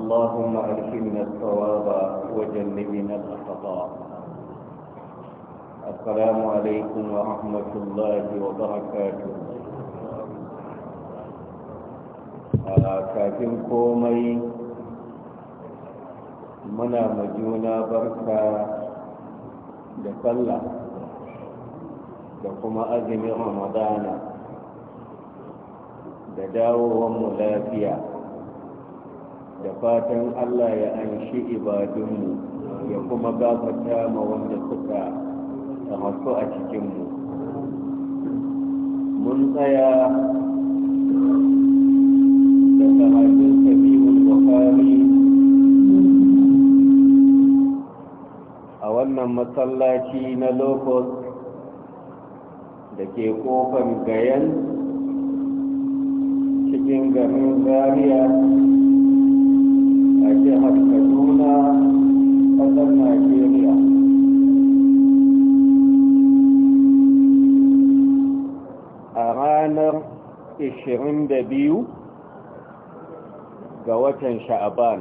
اللهم ألهمنا الصواب وجنبنا الأخطاء السلام عليكم ورحمة الله وبركاته kafin komai muna majuna barka da sallah da kuma azumin ramadana da dawowanmu lafiya da fatan Allah ya anshi ibadunmu ya kuma gafata ma wanda suka tamasu a cikinmu mun tsaya da sahabin sabihun bukari a wannan masallaci na lokos da ke kofan gayan cikin garin zariya a jihar kaduna ƙasar najeriya a ranar 22 ga watan sha'aban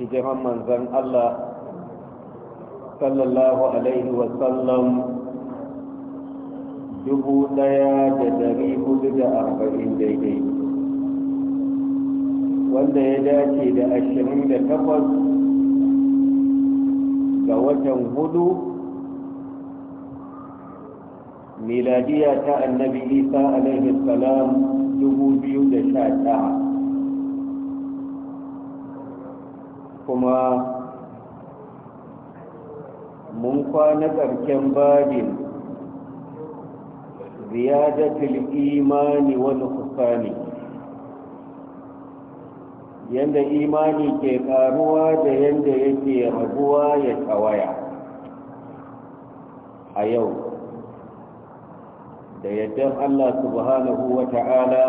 hijiran manzan allah sallallahu alaihi wasallam dubu da dari hudu da arba'in daidai wanda ya dace da ashirin da takwas ga watan hudu miladiya ta annabi isa alaihi salam dubu biyu da sha ɗaya kuma mun kwana ƙarshen babin ziyadatul imani wani kusani yanda imani ke karuwa da yanda yake raguwa ya tawaya a yau da yaddan Allah subhanahu wa ta'ala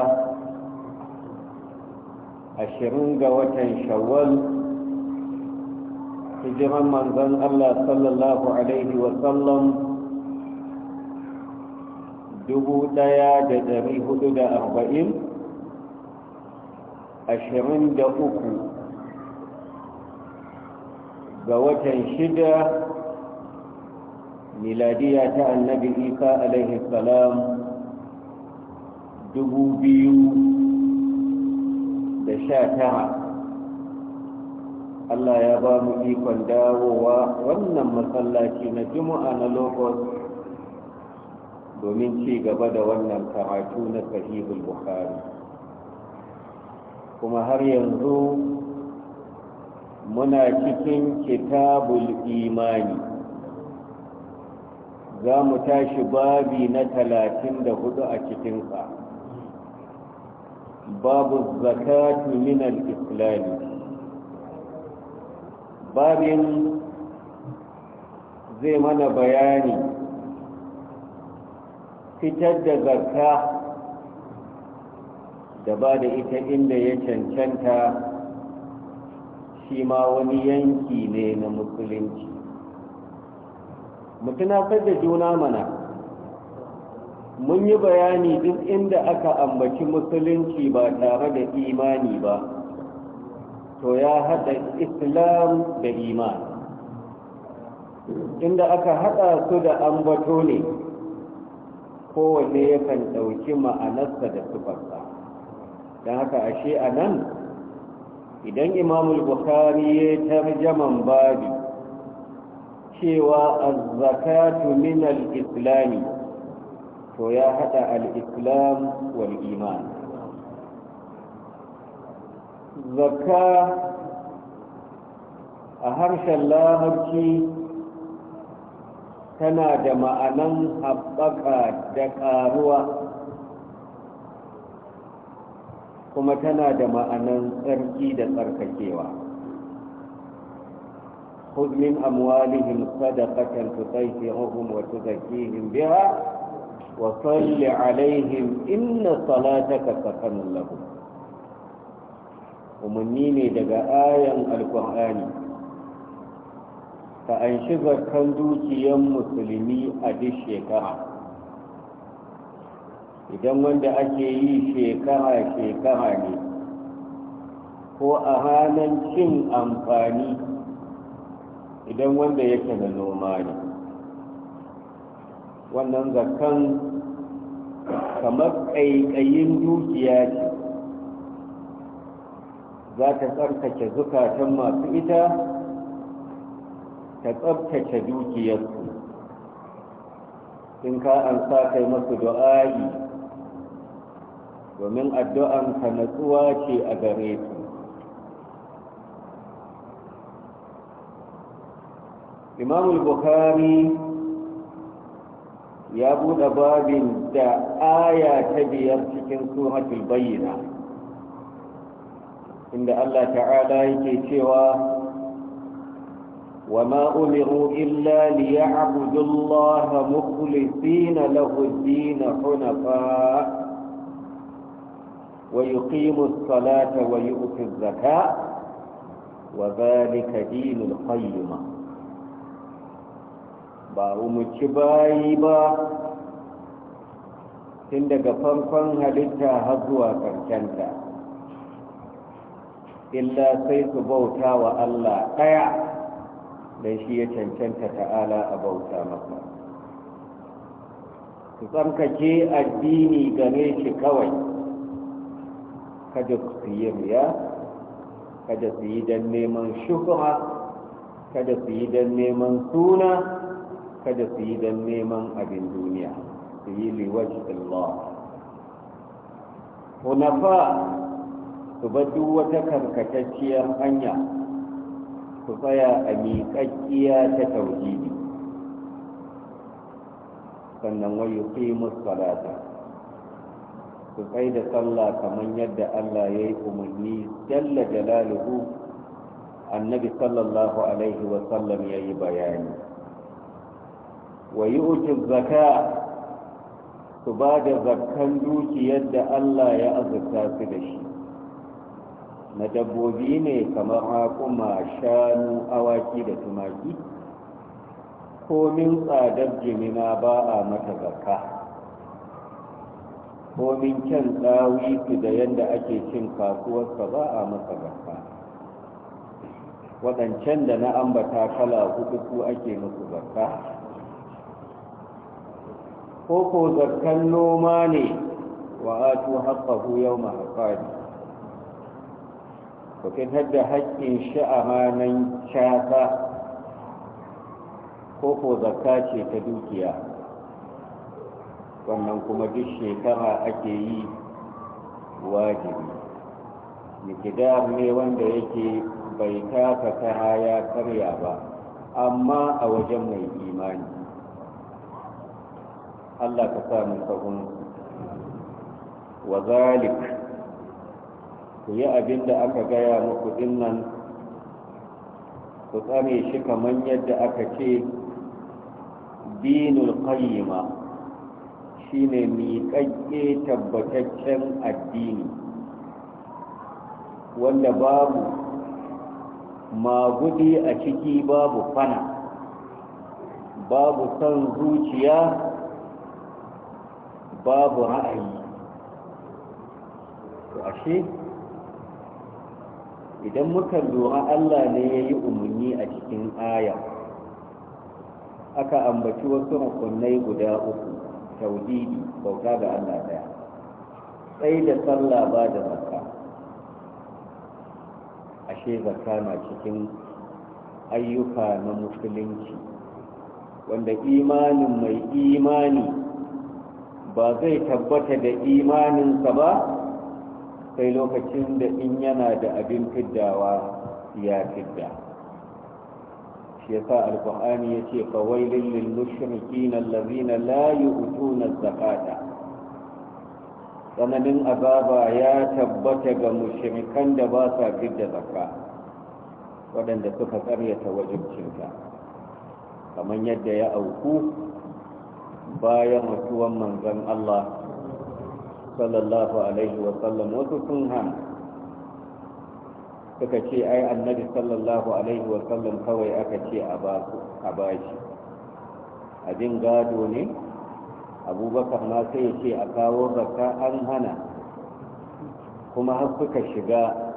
ashirin ga watan shawwal hijiran manzon Allah sallallahu alaihi wa sallam dubu ɗaya da ɗari hudu da arba'in ashirin da uku ga watan shida miladiya ta annabi isa alaihi salam dubu biyu da sha tara Allah ya ba mu ikon dawowa wannan masallaci na juma'a na lokacin domin ci gaba da wannan karatu na sahihul bukhari kuma har yanzu muna cikin kitabul imani za mu tashi babi na talatin da hudu a cikinsa babu zakatu min al-islami babin zai mana bayani fitar da zakka da ba da ita inda ya cancanta shi ma wani yanki ne na musulunci mutunafar da juna mana mun yi bayani duk inda aka ambaci musulunci ba tare da imani ba to ya haɗa islam da iman inda aka haɗa su da ambato ne kowanne yakan ɗauki ma'anarsa da sufarsa don haka ashe a nan idan imamul bukari ya tarjaman babi cewa azzakatu min al-islami to ya hada al-islam wal iman zakka a harshen lamarci tana da ma'anan haɓaka da ƙaruwa kuma tana da ma'anan tsarki da tsarkakewa hudmin amwalihim sadaqatan tutayhihum wa tuzakkihim biha wa salli alaihim inna salataka sakanun lahum umanni ne daga ayan alkur'ani ka an shiga kan dukiyan musulmi a duk shekara idan wanda ake yi shekara-shekara ne ko a ranar cin amfani idan wanda yake da noma ne wannan zakan kamar ƙaiƙayin dukiya ce za ta tsarkace zukatan masu ita ta tsabtace dukiyarsu in ka an sa kai masu du'a'i domin addu'an ka natsuwa ce a gare su imam bukhari ya buɗe babin da aya ta biyar cikin suratul bayyana inda Allah ta'ala yake cewa وما أمروا إلا ليعبدوا الله مخلصين له الدين حنفاء ويقيم الصلاة ويؤتي الزكاة وذلك دين القيمة باومci bayi ba tun daga farkon halitta har zuwa ƙarshenta illa sai su bauta wa Allah ɗaya don shi ya cancanta ta'ala a bauta masa su tsarkake addini game shi kawai kada su yi riya kada su yi don neman shuhura kada su yi don neman suna kada su yi don neman abin duniya su yi liwaji Allah hunafa su ba duk wata karkatacciyar hanya su tsaya a miƙaƙƙiya ta tauhidi sannan wayo musu salata su kai da sallah kamar yadda Allah ya yi umarni jalla jalaluhu annabi sallallahu alaihi sallam ya yi bayani wa yi zaka su ba da zakkan dukiyar da Allah ya azurta su da shi na dabbobi ne kamar hakuma shanu awaki da tumaki komin tsadar jimina ba a mata zakka komin kyan su da yadda ake cin kasuwarsa ba a masa zakka waɗancan da na ambata kala hudu su ake musu zakka ko ko zakkan noma ne wa atu haqqahu yawma haqqani ko kin haƙƙin shi a ranan shaka ko ko zarka ce ta dukiya wannan kuma duk shekara ake yi wajibi mikidar ne wanda yake bai taka kara ya karya ba amma a wajen mai imani Allah ka sa mu wa zalik ku yi abin da aka gaya muku dinnan ku tsare shi kamar yadda aka ce dinul qayyima shine miƙaƙƙe tabbataccen addini wanda babu magudi a ciki babu fana babu son zuciya babu ra'ayi ashe idan muka lura Allah ne ya yi umarni a cikin aya aka ambaci wasu rukunai guda uku tauhidi bauta da Allah daya sai da sallah ba da zakka ashe zakka na cikin ayyuka na musulunci wanda imanin mai imani ba zai tabbata da imaninsa ba sai lokacin da in yana da abin fiddawa ya fidda yasa alqur'ani ya ce lil mushrikin allazina la yu'tuna zakata Tsananin azaba ya tabbata ga mushrikan da ba sa da zakka waɗanda suka karyata wajibcinta kamar yadda ya auku bayan mutuwan manzon Allah sallallahu alaihi wasallam wasu sun hana suka ce ai annabi sallallahu alaihi wa sallam kawai aka ce a ba shi abin gado ne abubakar ma sai ce a kawo zakka an hana kuma har suka shiga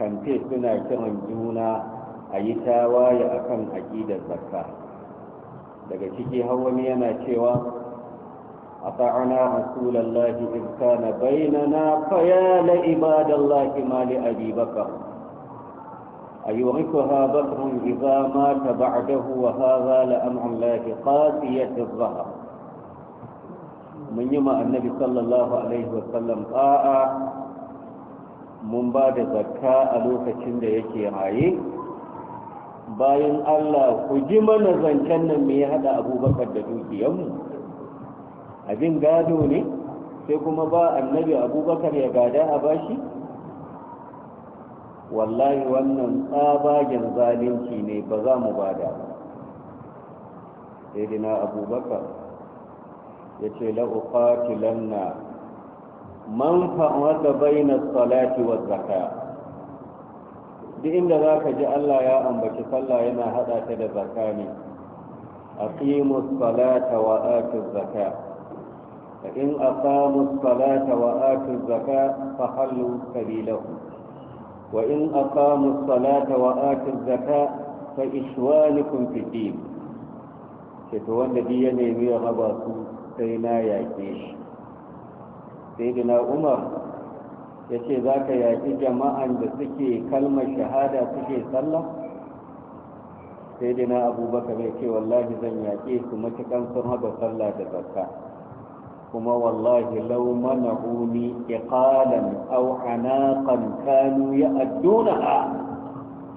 kamfe suna kiran juna a yi tawaye a kan aƙidar zakka daga ciki wani yana cewa a fa'ana rasulallahi izkana bainana fayala ibadallahi mali abubakar أيورثها بكر إذا مات بعده وهذا لأمر الله قاسية الظهر من يوم النبي صلى الله عليه وسلم قاء من بعد زكاة لوكة يكي رايه bayan Allah ku ji mana zancen nan me ya hada abubakar da dukiyanmu abin gado ne sai kuma ba annabi abubakar ya gada a bashi wallahi wannan tsabagen zalunci ne ba za mu bada ba dina abubakar ya ce la'uqatilanna man fa'ada baina salati wa zakat duk inda za ka ji Allah ya ambaci sallah yana hada ta da zaka ne a salata wa atuz zaka in a aqamu salata wa atuz zaka fa hallu sabilahu وإن أقاموا الصلاة وآتوا الزكاة فإخوانكم في الدين شتوان الذي ينمي غباكم سينا يأتيش سيدنا عمر yace za ka yaƙi jama'an da suke kalmar shahada suke sallah sai dai na abubakar ya ce wallahi zan yaƙe su matukan sun haɗa sallah da zakka kuma wallahi lau law mana'uni iqalan aw anaqan kanu ya'duna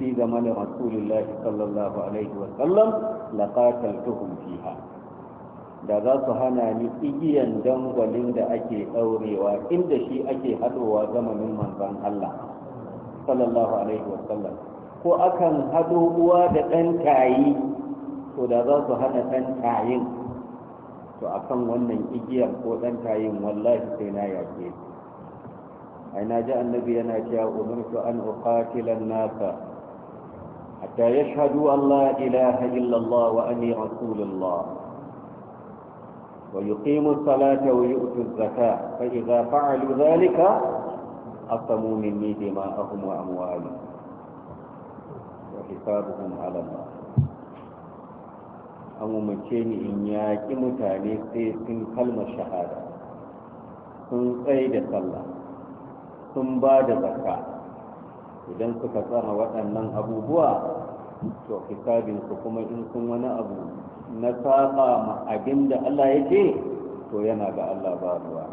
fi zaman rasulullah sallallahu alaihi wa sallam laqataltuhum fiha da za su hana ni igiyan dangwalin da ake daurewa inda shi ake hadowa zamanin manzon Allah sallallahu alaihi wa sallam ko akan hado uwa da dan tayi to da za su hana dan tayin to akan wannan igiyar ko dan tayin wallahi sai na yake ai na ji annabi yana cewa umirtu an uqatila nasa hatta yashhadu an la ilaha illa Allah wa anni rasulullah ويقيموا الصلاة ويؤتوا الزكاة فإذا فعلوا ذلك أقسموا مني دماءهم وأموالهم وحسابهم على الله an umarce ni in yaƙi mutane sai sun kalmar shahada sun tsaye da sallah sun ba da zakka idan suka tsara waɗannan abubuwa to su kuma in sun wani abu na saba ma abin da Allah ya ce to yana ga Allah ba ruwa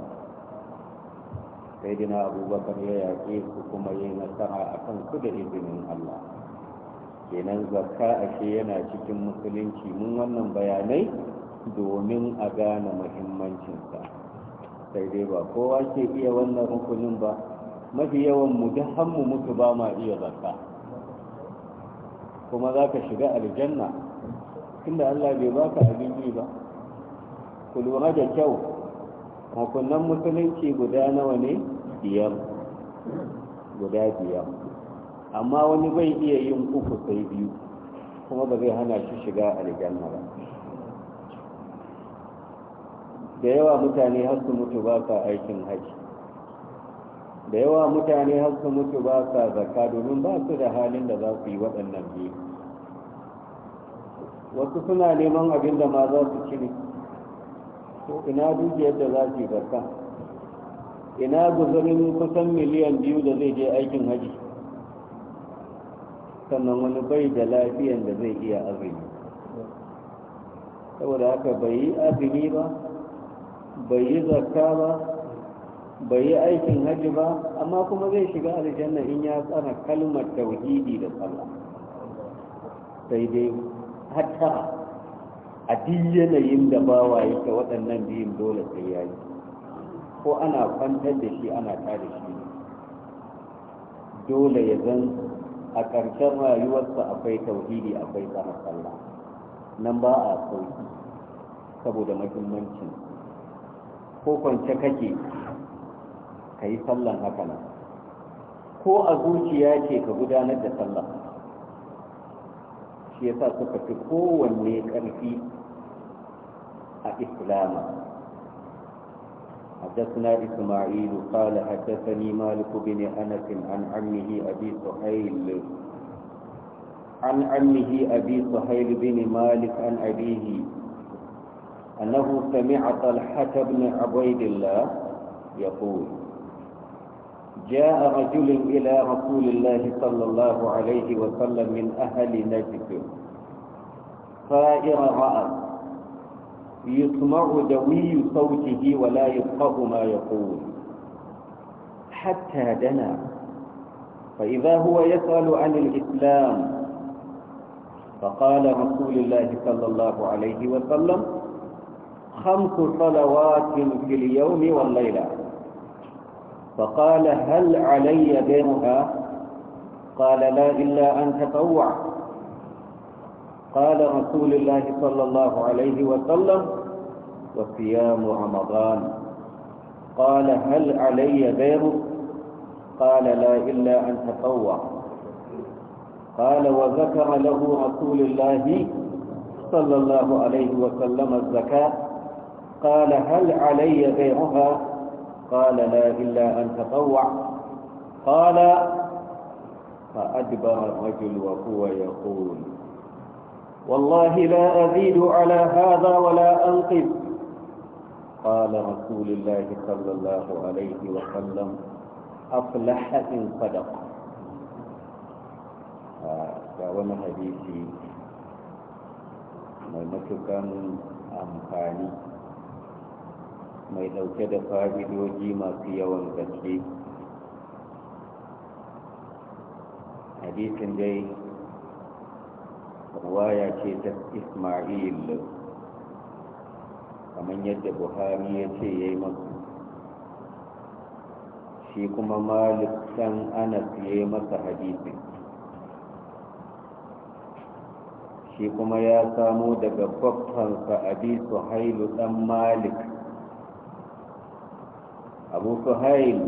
sai dina abubakar ya yaƙi su kuma yi nasara a kan su da izinin Allah kenan zakka ashe yana cikin musulunci mun wannan bayanai domin a gane muhimmancinsa sai dai ba kowa ke iya wannan rukunin ba mafi yawan mu duk mu mutu ba ma iya zakka kuma za ka shiga aljanna tunda Allah bai baka abin yi ba ku lura da kyau makunan musulunci guda nawa ne biyar guda biyar amma wani bai iya yin uku sai biyu kuma ba zai hana shi shiga aljanna ba da yawa mutane har su mutu ba sa aikin haji da yawa mutane har su mutu ba sa zakka domin ba su da halin da za su yi waɗannan biyu wasu suna neman abin da ma za su ci to ina dukiyar da za su yi zakka ina guzurin kusan miliyan biyu da zai je aikin haji sannan wani bai da lafiyan da zai iya azumi saboda haka bai yi azumi ba bai yi zakka ba bai yi aikin hajji ba amma kuma zai shiga aljanna in ya tsara kalmar tauhidi da sallah sai dai hatta a duk yanayin da bawa yake waɗannan biyun dole sai ya yi ko ana kwantar da shi ana tare shi dole ya zan a ƙarshen rayuwarsa akwai tauhidi akwai tsara sallah nan ba a sauki saboda mahimmancin ko kwance kake ka yi sallan haka nan ko a zuciya ce ka gudanar da sallah shi yasa suka fi kowanne ƙarfi a islama حدثنا إسماعيل قال حدثني مالك بن أنس عن عمه أبي صهيل عن عمه أبي صهيل بن مالك عن أبيه أنه سمع طلحة بن عبيد الله يقول جاء رجل إلى رسول الله صلى الله عليه وسلم من أهل نجد فائر رأى يسمع دوي صوته ولا يفقه ما يقول حتى دنا فإذا هو يسأل عن الإسلام فقال رسول الله صلى الله عليه وسلم خمس صلوات في اليوم والليلة فقال هل علي دينها قال لا إلا أن تطوع قال رسول الله صلى الله عليه وسلم وصيام رمضان قال هل علي غيره قال لا إلا أن تطوع قال وذكر له رسول الله صلى الله عليه وسلم الزكاة قال هل علي غيرها قال لا إلا أن تطوع قال فأدبر الرجل وهو يقول والله لا أزيد على هذا ولا أنقذ قال رسول الله صلى الله عليه وسلم أفلح إن صدق فأنا آه، حديثي ما mai matukan amfani mai dauke فاجد وجيما في يوم gaske حديث جيد رواية كيت اسماعيل ومن يد بخاري يتي يمس في كما مالك كان انا في يمس حديثي في كما يا سامو دغ فقهن فابي سهيل بن مالك ابو سهيل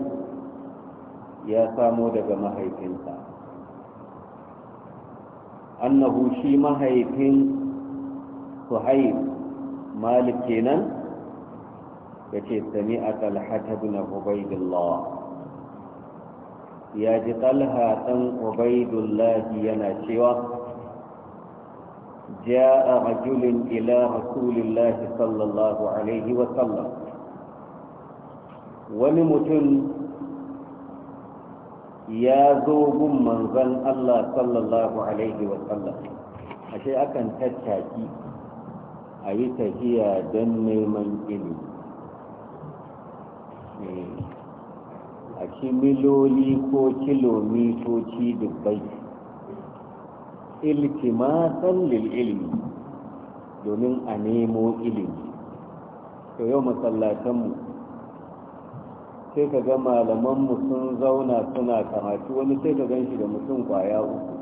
يا سامو دغ مهيبنته annahu shi mahaifin suhaib malik kenan ya ce sami a talhata bin ubaidullah ya ji talha ɗan ubaidullah yana cewa جاء رجل إلى رسول الله صلى الله عليه وسلم ونمتن ya zo gun manzan Allah sallallahu alaihi wa sallam ashe akan tattaki a yi tafiya don neman ilimi eh, a miloli ko kilomitoci dubbai iltimasan lil ilmi domin a nemo ilimi to yau masallatanmu sai ka ga malamanmu sun zauna suna karatu wani sai ka gan shi da mutum kwaya uku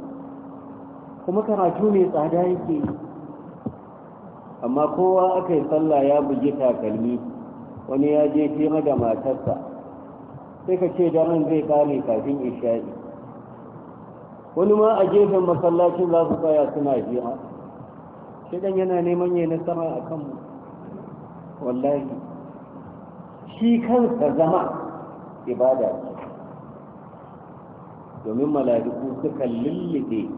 kuma karatu ne tsada yake amma kowa aka yi sallah ya bugi takalmi wani ya je fira da matarsa sai ka ce daren zai kare kafin isha'i wani ma a gefen masallacin za su tsaya suna jira. shidan yana neman yi nasara a kanmu wallahi shi kansa zama ibada domin mala'iku suka lullube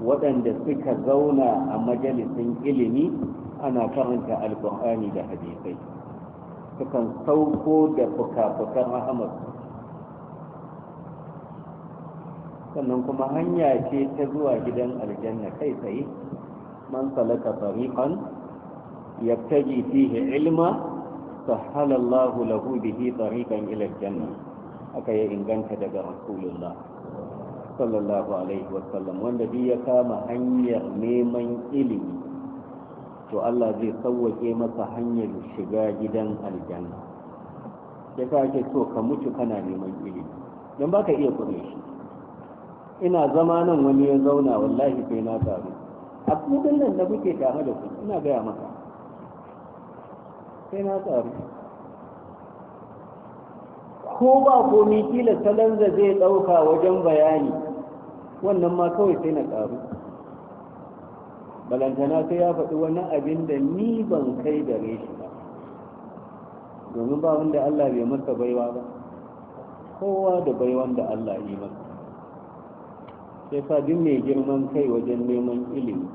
waɗanda suka zauna a majalisin ilimi ana karanta alkur'ani da hadisai sukan sauko da fuka-fukan rahamar sannan kuma hanya ce ta zuwa gidan aljanna kai tsaye man salaka fariqan yabtaji fihi ilma sahala Allah lahu bihi tariqan ila janna aka ya inganta daga rasulullah sallallahu alaihi wa sallam wanda bi ya kama hanyar neman ilimi to Allah zai sauwake masa hanyar shiga gidan aljanna ya ka ake so ka mutu kana neman ilimi don baka iya kure shi ina zama nan wani ya zauna wallahi sai na taru a kudin nan da muke tare da ku ina gaya maka sai na tsaru ko ba komi kila salon da zai dauka wajen bayani wannan ma kawai sai na tsaru balantana sai ya faɗi wani abin da ni ban kai da shi ba domin ba wanda Allah bai masa baiwa ba kowa da baiwan da Allah yi masa sai sabin mai girman kai wajen neman ilimi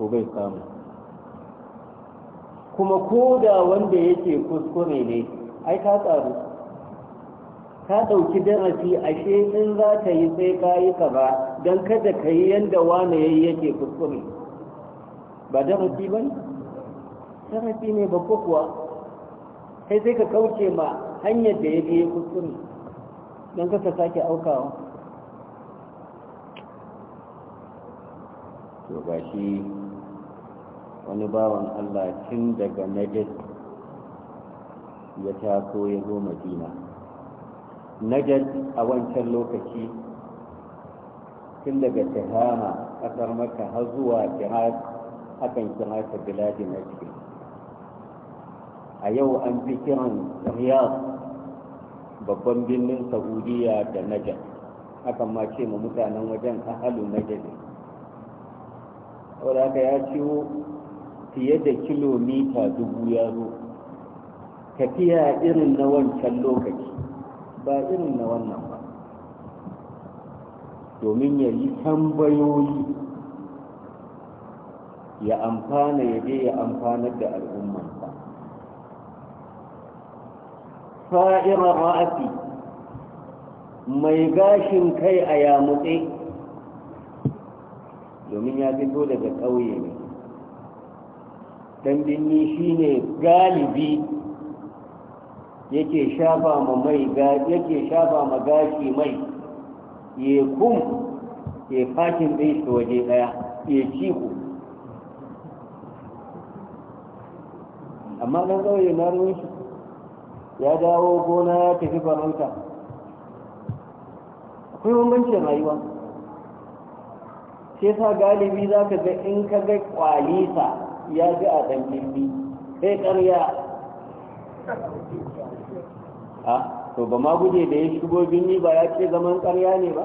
Ko bai samu kuma ko da wanda yake kuskure ne ai ka tsaru ka ɗauki darasi ashe in za ka yi sai ka yi ka ba don kada ka yi yadda wane yake kuskure ba darasi ba ne darasi ne babba kuwa sai sai ka kauce ma hanyar da ya biye kuskure don kasa sake aukawa to ba shi wani bawan Allah tun daga Najd ya taso ya zo Madina Najd a wancan lokaci tun daga Tahama kasar Makka har zuwa Iraq akan kira ta biladi Najd a yau an fi kiran Riyadh babban birnin Saudiya da Najd hakan ma ce ma mutanen wajen ahalu Najd saboda haka ya ciwo fiye da kilomita dubu ya zo tafiya irin na wancan lokaci ba irin na wannan ba domin ya yi tambayoyi ya amfana ya je ya amfanar da al'ummansa fa'irar ra'afi mai gashin kai a yamutse domin ya fito daga ƙauye ne dan binni shine galibi yake shafa ma mai yake shafa ma gashi mai ya kum ya fakin ɗin shi waje ɗaya ya ku. amma dan ƙauye na ruwan shi ya dawo gona ya tafi farauta akwai bambancin rayuwa sai sa galibi za ka ga in ka ga kwalisa ya ji a dan birni sai ƙarya a to ba ma guje da ya shigo ni ba ya ce zaman ƙarya ne ba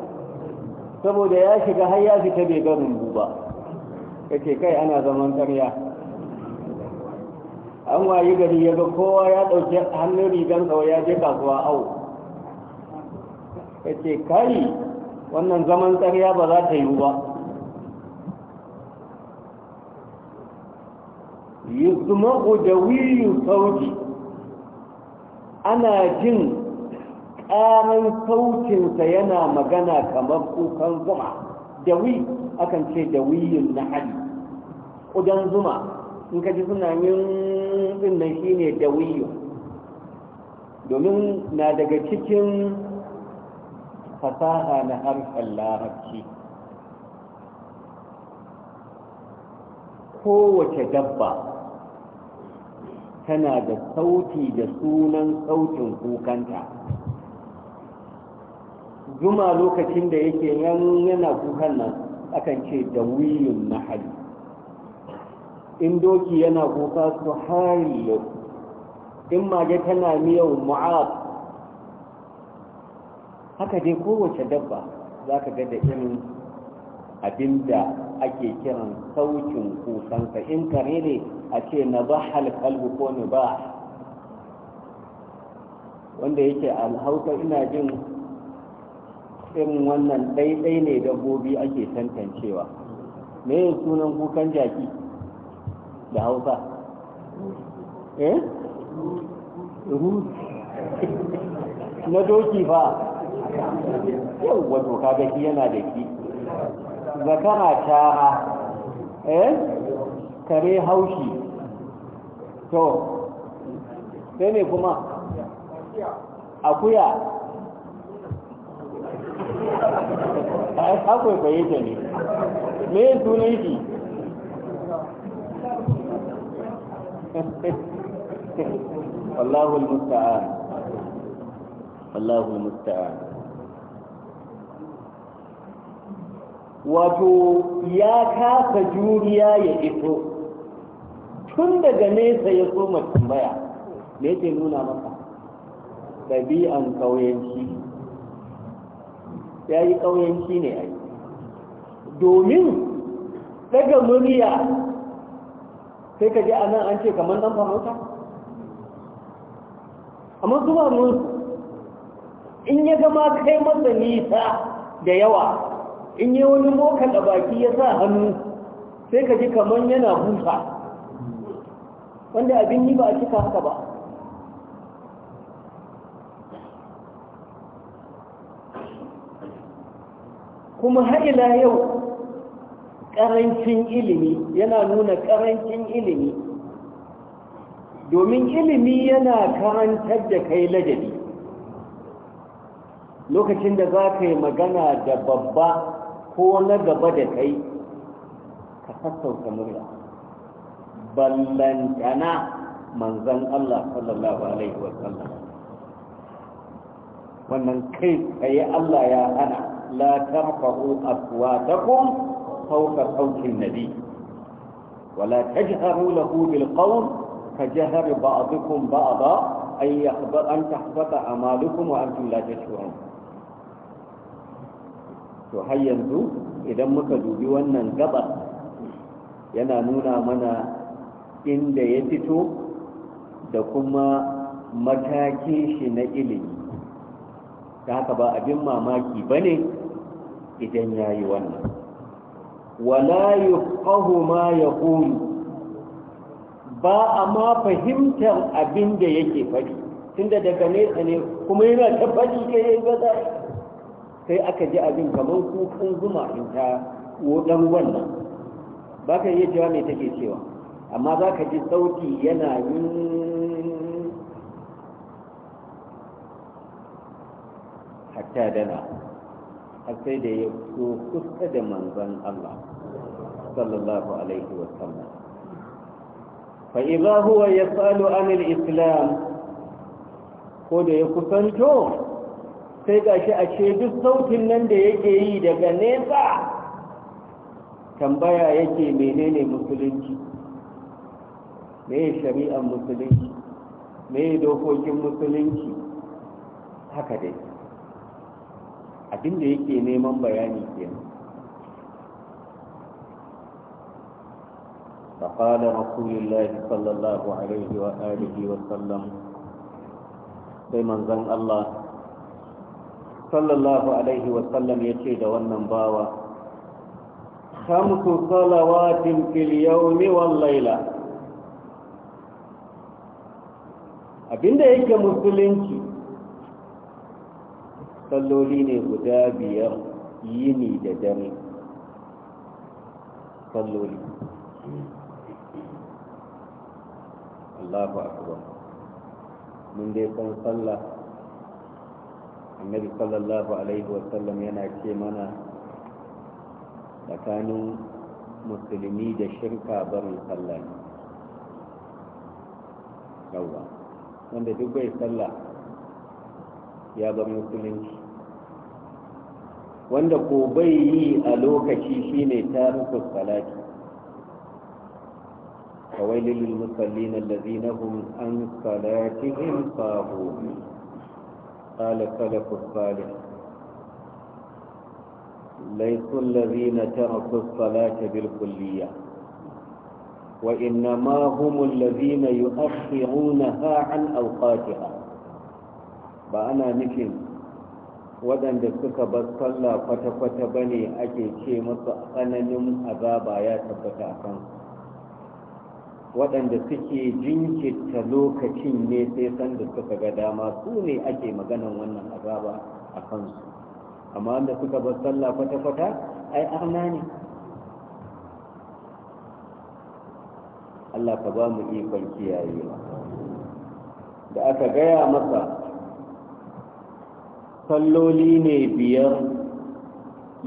saboda ya shiga har ya fita bai ga rumbu ba ce kai ana zaman ƙarya an wayi gari ya ga kowa ya ɗauki hannun rigan kawai ya je kasuwa au ce kai wannan zaman ƙarya ba za ta yiwu ba yusma'u dawiyu sauti ana jin ƙaran saukinsa yana magana kamar kukan zuma dawi akan ce dawiyin na hali ƙudan zuma in ka suna yin ɗinnan shi ne dawiyu domin na daga cikin fasaha na harshen larabci kowace dabba tana da sauti da sunan sautin kukanta zuma lokacin da yake yana kukan nan akan ce da wiyun mahali in doki yana kuka su hari yau in mage tana miyau mu'ab haka dai kowace dabba za ka ga da irin abinda ake kiran saukin kukansa in kare ne a ce na ba halkalbu ko ni ba wanda yake alhauta ina jin irin wannan ɗaiɗai ne dabbobi ake tantancewa me yin sunan kukan jaki da hausa eh na doki ba yau wato kaga yana da ki zakara ta eh kare haushi to sai ne kuma akuya akwai fayyata ne me sunan shi wallahu al-musta'an wallahu mustaan wato ya kasa juriya ya iso tun daga nesa ya so mai tambaya me yake nuna maka ɗabi'an ƙauyenci ya yi ƙauyenci ne a yi domin daga murya sai ka ji a nan an ce kamar ɗan farauta amma zuwa mun in ya zama kai masa nisa da yawa in yi wani mokan a baki ya sa hannu sai ka ji kamar yana busa wanda abin yi ba a cika haka ba kuma haɗila yau ƙarancin ilimi yana nuna ƙarancin ilimi domin ilimi yana karantar da kai ladabi lokacin da za ka yi magana da babba ko na gaba da kai ka sassauta murya ballantana manzan Allah sallallahu alaihi wa sallam wannan kai tsaye Allah ya hana la tarfa'u aswatakum fawqa sawti nabi ولا تجهروا له بالقول كجهر بعضكم بعضا أن, أن تحبط أعمالكم وأنتم لا تشعرون to har yanzu idan muka dubi wannan gaba yana nuna mana inda ya fito da kuma mataki shi na ilimi ta haka ba abin mamaki ba ne idan ya yi wannan wala yi ma ya ba a ma fahimtar abin da yake faɗi tunda daga nesa ne kuma yana ta faɗi ke yi gaza sai aka ji abin kamar kukan zuma in ta dan wannan ba ka yi jiwa mai take cewa amma za ka ji sauti yana yin hatta dana har sai da ya so kusa da manzan Allah sallallahu alaihi wasallam fa'iza huwa ya tsalo amin islam ko da ya kusanto sai ga shi ashe duk sautin nan da yake yi daga nesa tambaya yake menene musulunci me shari'ar musulunci me dokokin musulunci haka dai abinda yake neman bayani kenan فقال رسول الله صلى الله عليه وآله وسلم في زن الله sallallahu alaihi wasallam ya ce da wannan bawa khamsu salawatin fil yawmi wal laila abinda yake musulunci salloli ne guda biyar yini da dare salloli Allahu akbar mun dai san sallah annabi sallallahu alaihi wasallam yana ce mana tsakanin musulmi da shirka barin sallah yawa wanda duk bai sallah ya bar musulunci wanda ko bai yi a lokaci shi shine tarikus salati فويل للمصلين الذين هم عن صلاتهم ساهون قال سلف الصالح ليسوا الذين تركوا الصلاة بالكلية وإنما هم الذين يؤخرونها عن أوقاتها فأنا نفهم waɗanda suka bar sallah kwata-kwata bane ake ce masu tsananin azaba ya tabbata a kansu waɗanda suke jinkirta lokacin ne sai sanda suka ga dama su ne ake maganan wannan azaba a kansu amma wanda suka bar sallah kwata-kwata ai arna ne Allah ka ba mu ikon ba da aka gaya masa salloli ne biyar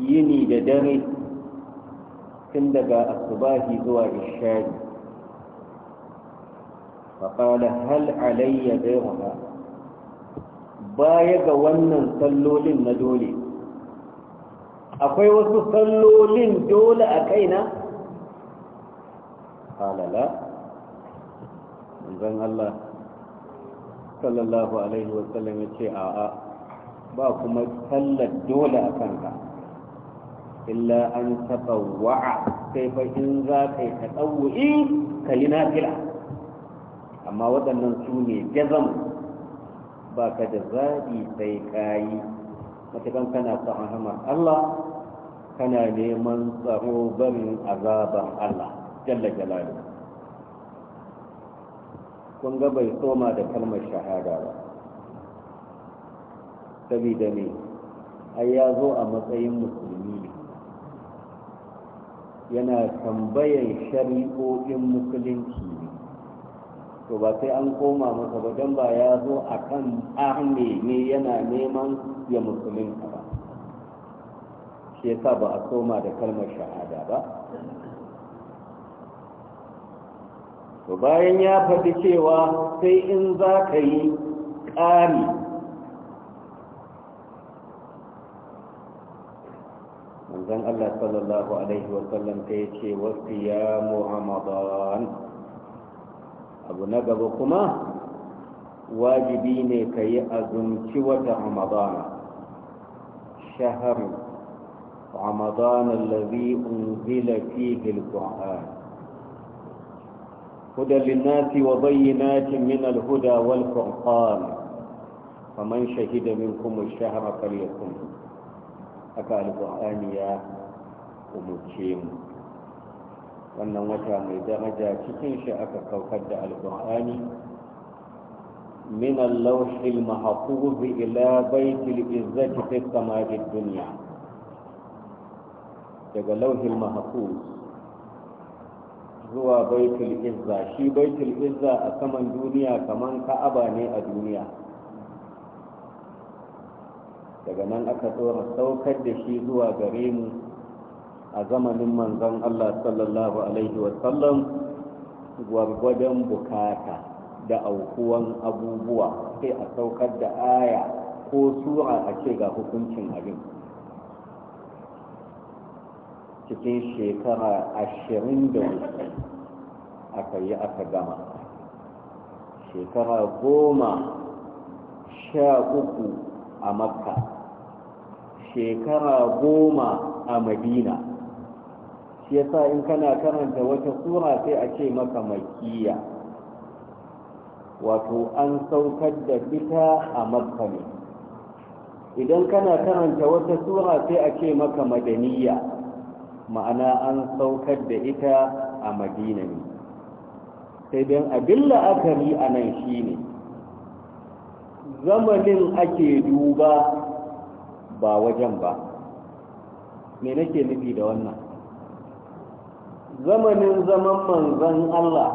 yini da dare tun daga asubahi zuwa ishari فقال هل علي غيرها baya ga wannan sallolin na dole akwai wasu sallolin dole a kaina halala manzon Allah sallallahu alaihi wasallam ya ce a'a ba kuma sallar dole a kanka illa an taɓa wa'a sai fa in za ka yi taɓa ka yi na fila. amma waɗannan su ne jazam ba ka da zaɓi sai kayi matakan kana son Allah kana neman tsaro barin azabar Allah jalla jalali kun ga bai soma da kalmar shahada ba saboda ne ai ya zo a matsayin musulmi yana tambayan shari'o'in musulunci ne to ba sai an koma masa ba dan ba ya zo a kan ahme ne yana neman ya musulun ba shi yasa ba a koma da kalmar shahada ba to bayan ya faɗi cewa sai in za ka yi ƙari manzon Allah sallallahu alaihi wasallam ta ce wasu ya Muhammadan abu na gaba kuma wajibi ne ka yi azumci wata ramadana shahar ramadana lalazi unzila fihi alquran hudan linnasi wa bayyanatin min alhuda wal furqan faman shahida minkum ash-shahra haka alqur'ani ya umurce mu wannan wata mai daraja cikin shi aka saukar da alkur'ani min al-lawhil mahfuz ila baitil izzati fi samai dunya daga lawhil mahfuz zuwa baitul izza shi baitul izza a saman duniya kaman ka'aba ne a duniya daga nan aka tsora saukar da shi zuwa gare mu a zamanin manzon Allah sallallahu alaihi wasallam gwargwadon bukata da aukuwan abubuwa sai a saukar da aya ko sura a ce ga hukuncin abin cikin shekara ashirin da aka yi aka gama shekara goma sha uku a makka shekara goma a madina shi yasa in kana karanta wata sura sai a ce maka makiya wato an saukar da fita a makka ne idan kana karanta wata sura sai a ce maka madaniya ma'ana an saukar da ita a madina ne sai don abin la'akari a nan shi ne zamanin ake duba ba wajen ba me nake nufi da wannan zamanin zaman manzan Allah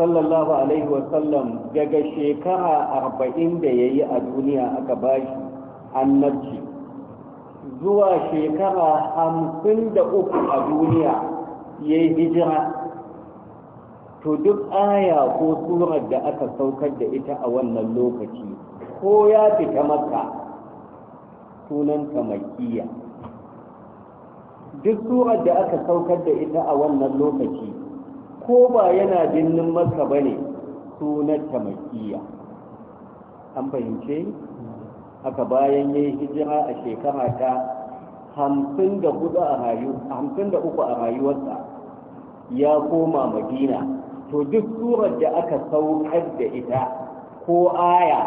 sallallahu alaihi wasallam daga shekara arba'in da ya yi a duniya aka bashi annabci zuwa shekara hamsin da uku a duniya ya yi hijira to duk aya ko surar da aka saukar da ita a wannan lokaci ko ya fita maka sunanta makiya duk surar da aka saukar da ita a wannan lokaci ko ba yana jinnin maka ba ne sunanta makiya an fahimce haka bayan ya yi hijira a shekara ta hamsin da uku a rayuwarsa ya koma madina to duk surar da aka saukar da ita ko aya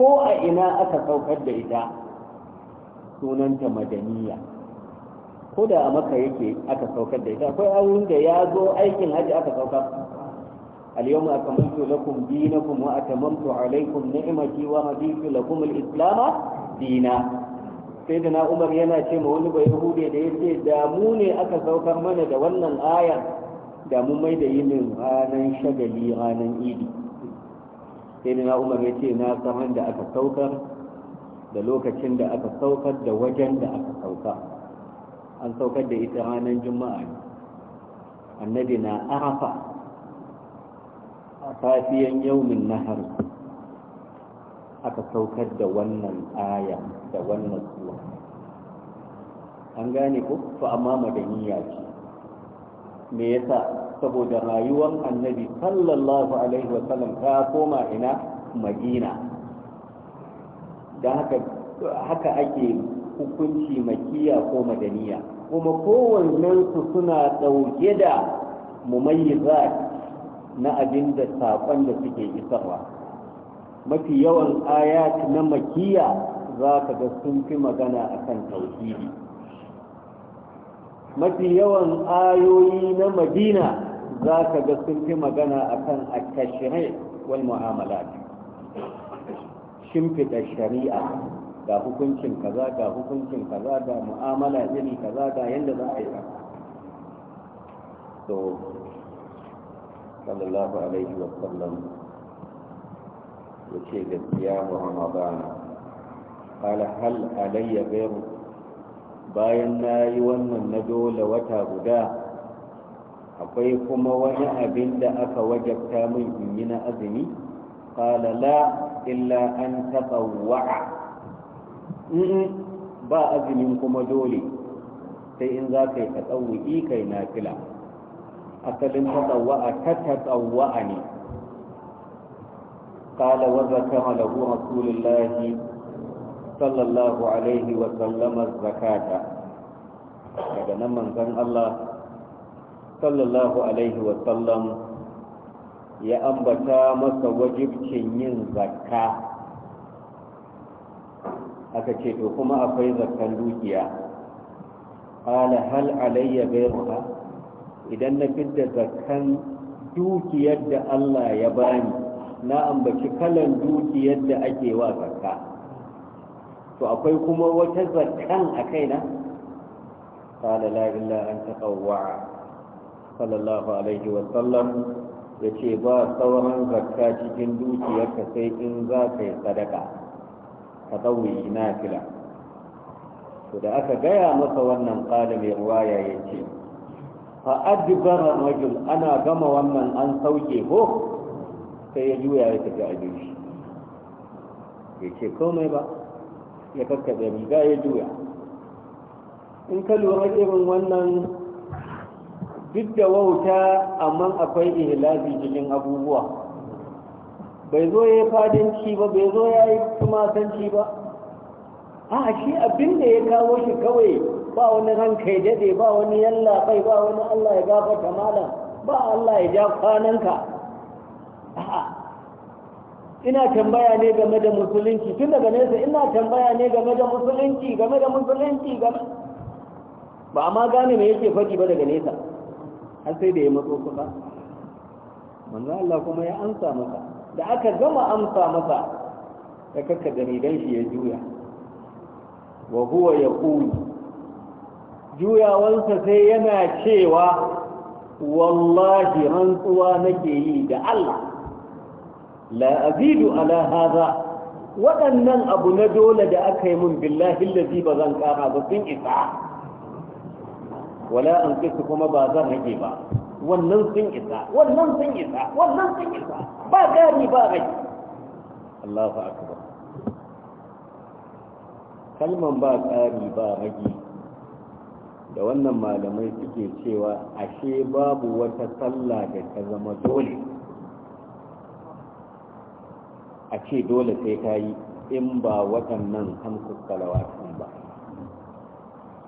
ko a ina aka saukar da ita sunanta madaniya ko da a maka yake aka saukar da ita akwai aurin da ya zo aikin haji aka saukar اليوم أكملت لكم دينكم وأتممت عليكم نعمتي ورضيت لكم الإسلام دينا سيدنا عمر yana ce ma wani bai hude da yace da mu ne aka saukar mana da wannan aya, da mai da yinin ranan shagali ranan idi sayyidina umar yace na saman da aka saukar da lokacin da aka saukar da wajen da aka saukar an saukar da ita ranar juma'a annabi na arafa a safiyan yaumin nahar aka saukar da wannan aya da wannan suwa an gane ko fa amma madaniya ce me yasa saboda rayuwar annabi sallallahu alaihi wasallam ta koma ina madina haka haka ake hukunci makiya ko madaniya kuma kowannensu su suna ɗauke da mumayyiza na abin da saƙon da suke isarwa mafi yawan ayat na makiya za ka ga sun fi magana akan tauhidi mafi yawan ayoyi na madina za ka ga sun fi magana akan akashirai wal mu'amalat shimfida shari'a ga hukuncin kaza ga hukuncin kaza ga mu'amala iri kaza ga yadda za a yi kaza so sallallahu alaihi wa sallam yace da siyamu ramadan qala hal alayya ghayru bayan nayi wannan na dole wata guda akwai kuma wani abin da aka wajabta min in yi na azumi qala la illa an tatawwa'a ba azumin kuma dole sai in za ka yi tatsawuki kai na fila asalin tatsawa'a ta tatsawa'a ne قال وذكر له رسول الله صلى الله عليه وسلم الزكاة daga nan manzon Allah sallallahu alaihi wasallam ya ambata masa wajibcin yin zakka aka ce to kuma akwai zakkan dukiya ala hal alayya bayruha idan na fidda zakkan dukiyar da Allah ya bani na ambaci kalan dukiyar da ake wa zakka to akwai kuma wata zakkan a kaina qala la illa an taqawwa sallallahu alaihi wa sallam yace ba sauran zakka cikin dukiyarka sai in za ka yi sadaka tadawwi nafila to da aka gaya masa wannan qala mai ruwaya yace fa adbara rajul ana gama wannan an sauke ko sai ya juya ya tafi a shi Ya ce komai ba ya da riga ya juya in ka lura irin wannan duk da wauta amma akwai ihlazi cikin abubuwa bai zo ya yi fadinci ba bai zo ya yi tumatanci ba a shi abin da ya kawo shi kawai ba wani ranka ya daɗe ba wani yalla bai ba wani allah ya gafata malam ba allah ya ja kwananka ina tambaya ne game da musulunci tun daga nesa ina tambaya ne game da musulunci game da musulunci game ba ma gane me yake faɗi ba daga nesa har sai da ya matso kusa manzo Allah kuma ya ansa maka. da aka gama amsa masa ya kakka dalilan shi ya juya wa huwa ya ƙuli juyawansa sai yana cewa wallahi rantsuwa nake yi da Allah la azidu ala waɗannan abu na dole da aka yi mun billahi lazi ba zan ƙara ba sun isa wala an kuma ba zan rage ba wannan sun isa wannan sun isa wannan sun isa ba gari ba rai Allahu akbar kalman ba gari ba ragi da wannan malamai suke cewa ashe babu wata sallah da ta zama dole a ce dole sai ta yi in ba waɗannan hamsu salawatun ba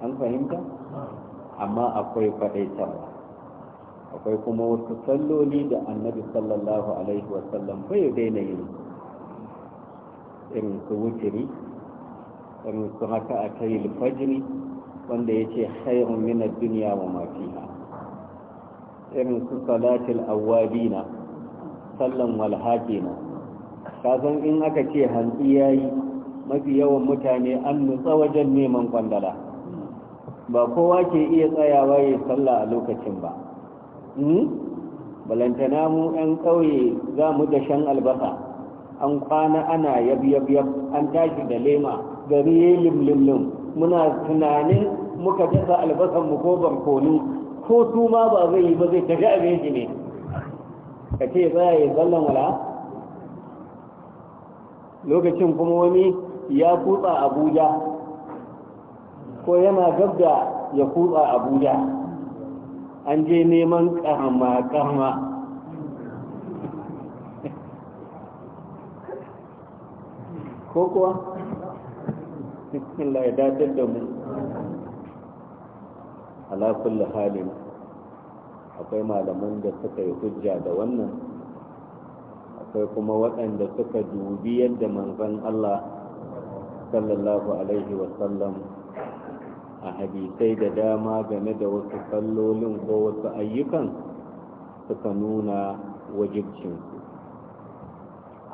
an fahimta amma akwai faɗaitarwa akwai kuma wasu salloli da annabi sallallahu alaihi wasallam bai daina yin irin su wutiri irin su haka a kai fajiri wanda ya ce hairun minar duniya wa mafiha irin su salatul awwabina sallan walhajina kasan in aka ce hantsi ya yi mafi yawan mutane an nutsa wajen neman kwandala ba kowa ke iya tsayawa ya salla a lokacin ba Hmm? balantana mu ɗan ƙauye za mu da shan albasa an kwana ana yab-yab-yab an tashi da lema gari ya lim lim muna tunanin muka dasa albasan mu ko barkonu ko su ma ba zai yi ba zai tafi abinci ne ka ce za a yi zallon wala lokacin kuma wani ya kutsa abuja ko yana gab da ya kutsa abuja an je neman kama-kama ko kuwa Allah ya datar da mu ala kulli halin akwai malaman da suka yi hujja da wannan akwai kuma waɗanda suka dubi yadda manzan Allah sallallahu alaihi wasallam a hadisai da dama game da wasu kallolin ko wasu ayyukan suka nuna wajibcinsu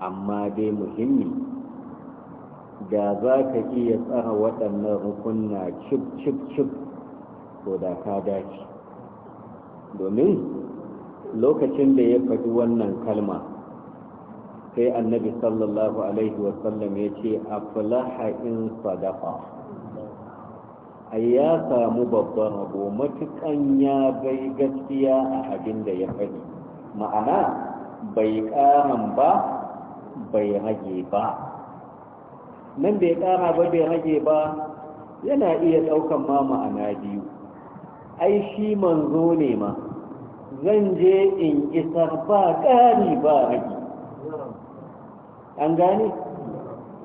amma dai muhimmi da za ka iya tsara waɗannan rukunna cip cip cip ko da ka dace domin lokacin da ya faɗi wannan kalma sai annabi sallallahu alaihi wasallam ya ce aflaha in sadaqa a ya samu babban rabo matukan ya bai gaskiya a abin da ya faɗi ma'ana bai ƙaran ba bai rage ba nan bai ƙara ba bai rage ba yana iya ɗaukan ma ma'ana biyu ai shi manzo ne ma zan je in isar ba ƙari ba rage an gane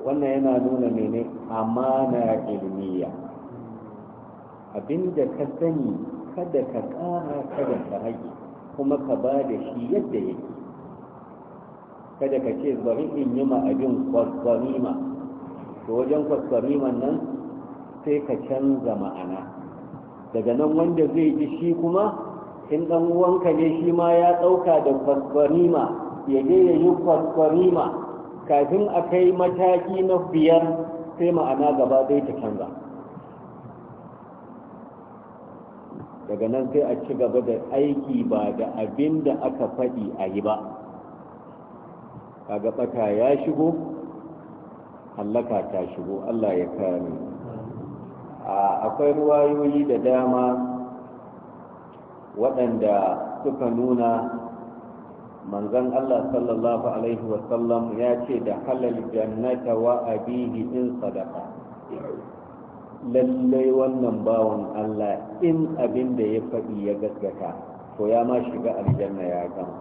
wannan yana nuna mene amana ilmiya Abin da ka sani kada ka kara kada ka rage kuma ka ba da shi yadda yake kada ka ce bari in yi ma abin kwasfarima to wajen kwasfariman nan sai ka canza ma'ana daga nan wanda zai ji shi kuma in ɗan uwanka ne shi ma ya ɗauka da kwasfarima ya je ya yi kwasfarima kafin a kai mataki na biyar sai ma'ana gaba zai ta canza daga nan sai a ci gaba da aiki ba da abin da aka faɗi a yi ba kaga ɓata ya shigo hallaka ta shigo allah ya kare akwai ruwayoyi da dama waɗanda suka nuna manzan allah sallallahu alaihi wasallam ya ce da halal jannata wa abihi in sadaka lallai wannan bawan Allah in abin da ya faɗi ya gaskata to ya ma shiga aljanna ya gama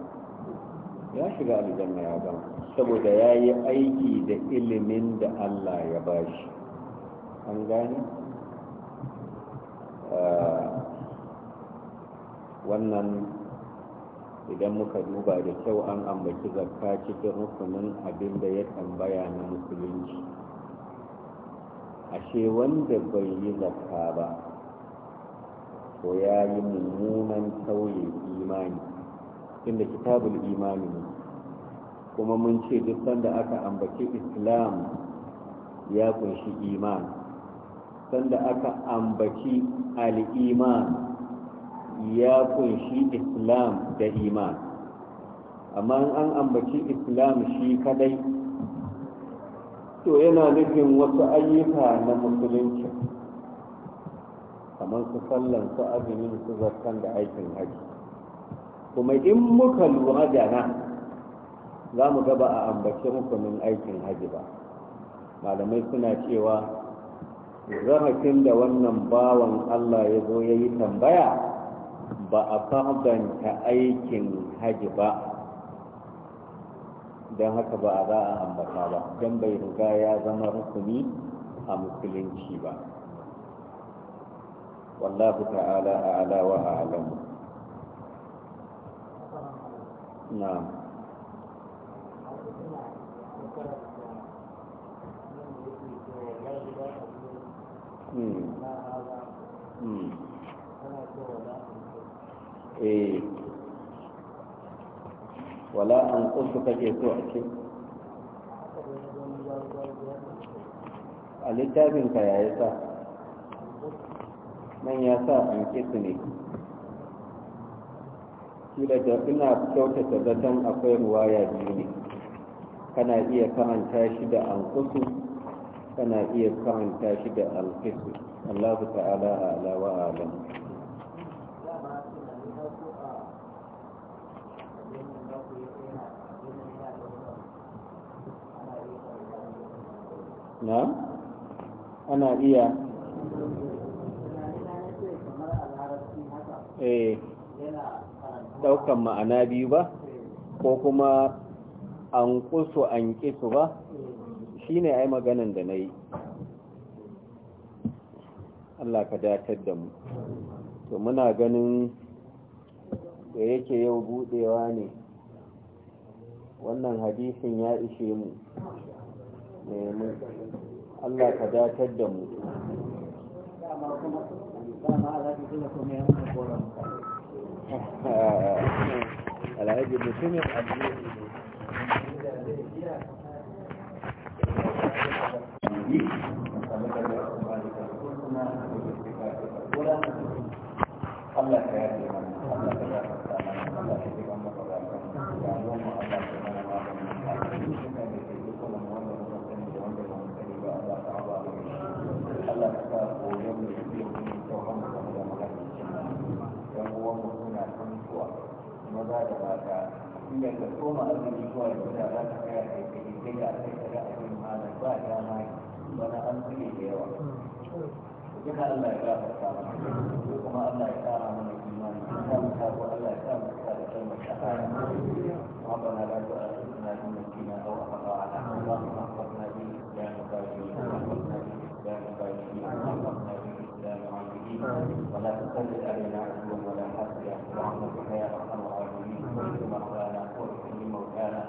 ya shiga aljanna ya gama saboda ya yi aiki da ilimin da Allah ya bashi an gane ah, wannan idan muka duba da kyau an ambaci zakka cikin rukunin abin da ya tambaya na musulunci ashe wanda bai yi zakka ba to ya yi mummunan tauye imani inda kitabul imani ne kuma mun ce duk sanda aka ambaci islam ya kunshi iman sanda aka ambaci al'iman ya kunshi islam da iman amma an ambaci islam shi kadai to yana nufin wasu ayyuka na musulunci kamar su sallan su azumin su zartan da aikin haji kuma in muka lura da na za mu gaba a ambace rukunin aikin haji ba malamai suna cewa zarafin da wannan bawan allah ya zo ya yi tambaya ba a fardanta aikin haji ba don haka ba a za a ambata ba don bai riga ya zama rukuni a musulunci ba wallahu ta'ala a alawa a alamu na Hmm. Hmm. Eh. wala an kusu kake so a ce a littafinka ya yi sa nan ya sa an kisu ne shi da ina kyautata zaton akwai ruwaya biyu ne kana iya karanta shi da an kusu kana iya karanta shi da alkisu Allah ta'ala ala wa alamu na ana iya eh daukan ma'ana biyu ba ko kuma an kusu an kisu ba shine ai maganan da na yi Allah ka datar da mu to muna ganin da yake yau budewa ne wannan hadisin ya ishe mu nemi Allah ka datar da mu alhaji mutumin addini Allah maza da mata inda ka koma azumi zuwa gida za ka kai kai kai da kai kai abin malam ba an da yawa duka Allah ya gafarta mana kuma Allah ya kara mana imani ta mu ta ko Allah ya sa mu ta da kalmar shahada ربنا لا تؤاخذنا إن وارحم موتانا وارحم موتانا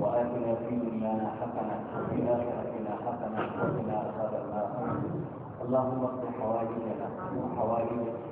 وآتنا في دنيانا حسنة وفي آخرتنا حسنة وقنا عذاب النار اللهم اغفر حوائجنا وحوائج